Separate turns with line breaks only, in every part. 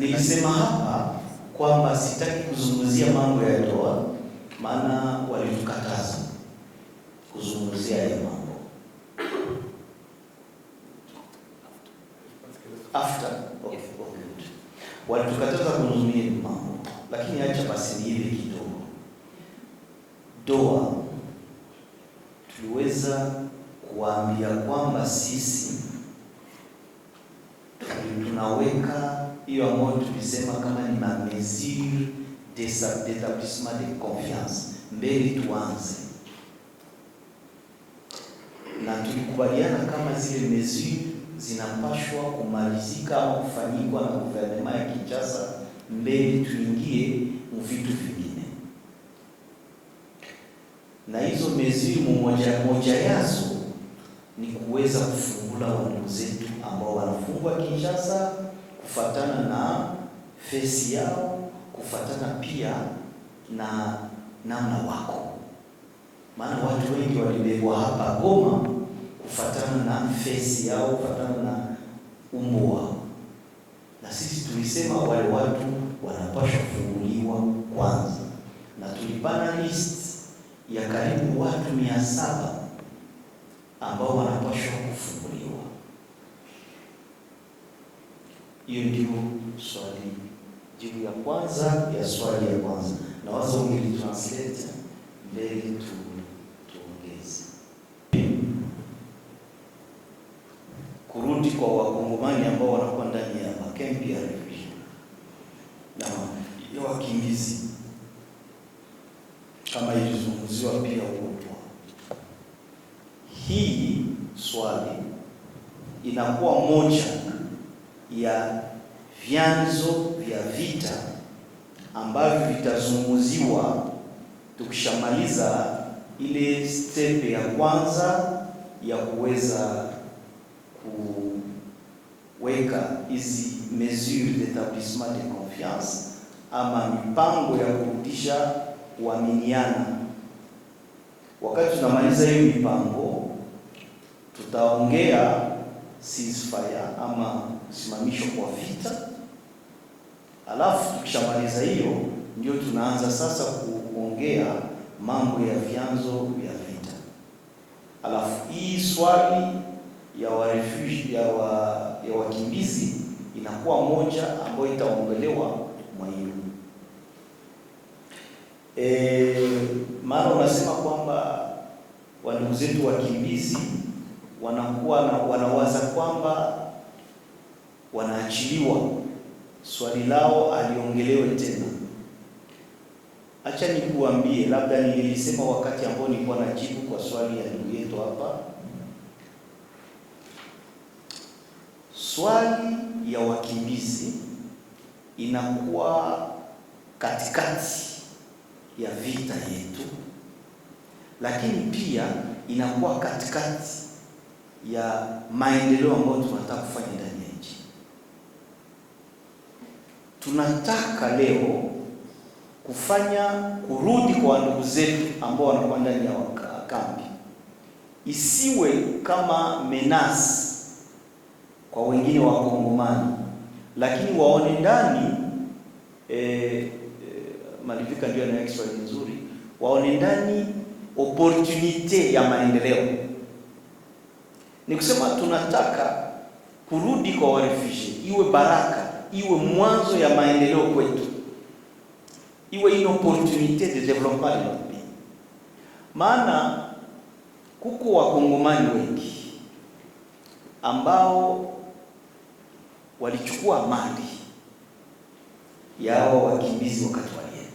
Nilisema hapa kwamba sitaki kuzungumzia mambo ya ndoa, maana walitukataza kuzungumzia hayo mambo after Walitukataza kuzungumzia hayo mambo, lakini acha basi niive kidogo. doa. tuliweza kuambia kwamba sisi tunaweka hiyo ambayo tulisema kama ni ma mesure de confiance mbele tuanze na tulikubaliana kama zile mesure zinapashwa kumalizika au kufanyikwa na guvernema ya Kinshasa mbele tuingie mvitu vingine, na hizo mesure mmoja moja yazo ni kuweza kufungula wandugu zetu ambao wanafungwa Kinshasa kufatana na fesi yao, kufatana pia na namna wako. Maana watu wengi walibebwa hapa Goma kufatana na fesi yao, kufatana na umbo wao, na sisi tulisema wale watu wanapaswa kufunguliwa kwanza, na tulipana list ya karibu watu mia saba ambao wanapaswa kufunguliwa hiyo ndio swali jibu ya kwanza ya swali ya kwanza, na wazo ngili translate mbele tu tuongeze kurudi kwa wakongomani ambao wanakuwa ndani ya makempi ya refugee na ya wakimbizi, kama ilizungumziwa pia huko. Hii swali inakuwa moja ya vyanzo vya vita ambavyo vitazungumziwa tukishamaliza ile step ya kwanza ya kuweza kuweka hizi mesure d'établissement de confiance ama mipango ya kurudisha kuaminiana. Wakati tunamaliza hiyo mipango, tutaongea ceasefire ama simamisho kwa vita. Alafu tukishamaliza hiyo, ndio tunaanza sasa kuongea mambo ya vyanzo vya vita. Alafu hii swali ya wa refugee ya wa ya wakimbizi inakuwa moja ambayo itaongelewa mwa hiyo e, eh, maana unasema kwamba wandugu zetu wakimbizi wanakuwa wanawaza kwamba wanaachiliwa, swali lao aliongelewe tena. Acha nikuambie, labda nilisema wakati ambao nilikuwa najibu kwa swali ya ndugu yetu hapa, swali ya wakimbizi inakuwa katikati ya vita yetu, lakini pia inakuwa katikati ya maendeleo ambayo tunataka kufanya ndani ya nchi. Tunataka leo kufanya kurudi kwa ndugu zetu ambao wanakuwa ndani ya kambi, isiwe kama menasi kwa wengine wa Kongomani, lakini waone ndani e, e, malivika ndio na Kiswahili nzuri, waone ndani opportunity ya maendeleo ni kusema tunataka kurudi kwa warefugee iwe baraka, iwe mwanzo ya maendeleo kwetu, iwe une opportunité de développement de notre pays. Maana kuko wakongomani wengi ambao walichukua mali yao wakimbizi wakati walienda,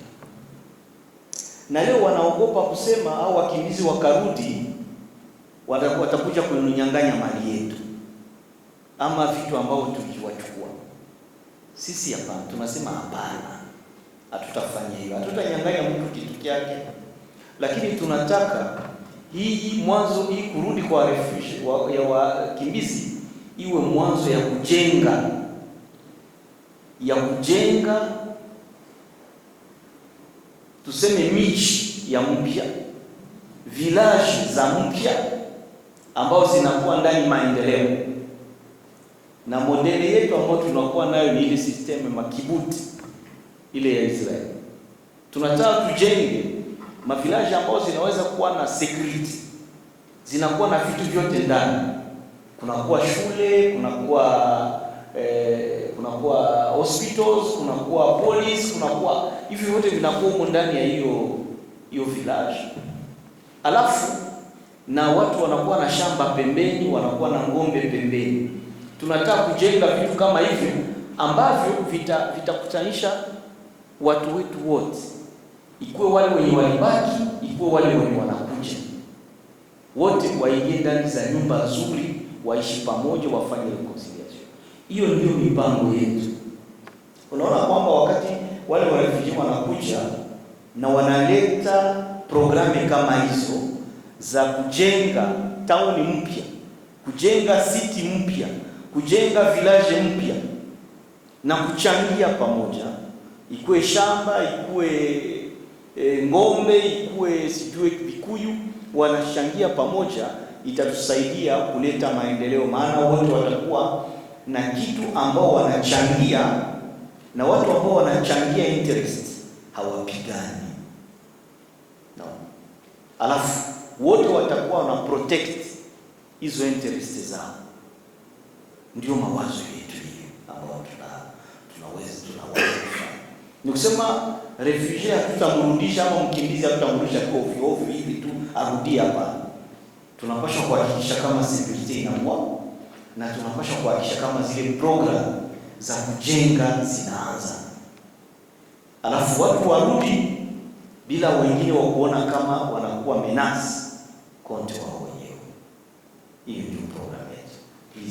na leo wanaogopa kusema au wakimbizi wakarudi watakuja kununyanganya mali yetu ama vitu ambavyo tuliwachukua sisi. Hapana, tunasema hapana, hatutafanya hiyo hatutanyang'anya mtu kitu kyake, lakini tunataka hii mwanzo hii kurudi kwa refuge wa, ya wakimbizi iwe mwanzo ya kujenga ya kujenga tuseme miji ya mpya, vilaji za mpya ambao zinakuwa ndani maendeleo, na modeli yetu ambayo tunakuwa nayo ni ile sistemu makibuti ile ya Israeli. Tunataka tujenge mavilaji ambao zinaweza kuwa na security, zinakuwa na vitu vyote ndani, kunakuwa shule, kunakuwa eh, kunakuwa hospitals, kunakuwa police, kunakuwa hivi vyote vinakuwa huko ndani ya hiyo hiyo village alafu na watu wanakuwa na shamba pembeni, wanakuwa na ng'ombe pembeni. Tunataka kujenga vitu kama hivyo ambavyo vitakutanisha vita watu wetu wote, ikuwe wale wenye walibaki, ikuwe wale wenye wanakuja, wote waingie ndani za nyumba nzuri, waishi pamoja, wafanye reconciliation. Hiyo ndio mipango yetu. Unaona kwamba wakati wale wanafikia wanakuja na wanaleta programu kama hizo za kujenga tauni mpya, kujenga siti mpya, kujenga vilaje mpya na kuchangia pamoja, ikuwe shamba, ikuwe e, ng'ombe, ikuwe sijue vikuyu, wanachangia pamoja, itatusaidia kuleta maendeleo, maana wote watakuwa na kitu ambao wanachangia, na watu ambao wanachangia interest hawapigani no. alafu wote watakuwa wana protect hizo interest zao. Ndio mawazo yetu ambayo tunaweza tunaweza kufanya, ni kusema refugee hatutamrudisha ama mkimbizi hatutamrudisha kwa ovyo ovyo hivi tu arudie hapa. Tunapaswa kuhakikisha kama security inakuwa na tunapaswa kuhakikisha kama zile program za kujenga zinaanza, alafu watu warudi bila wengine wa kuona kama wanakuwa menasi Onto our wenyewe. you do program.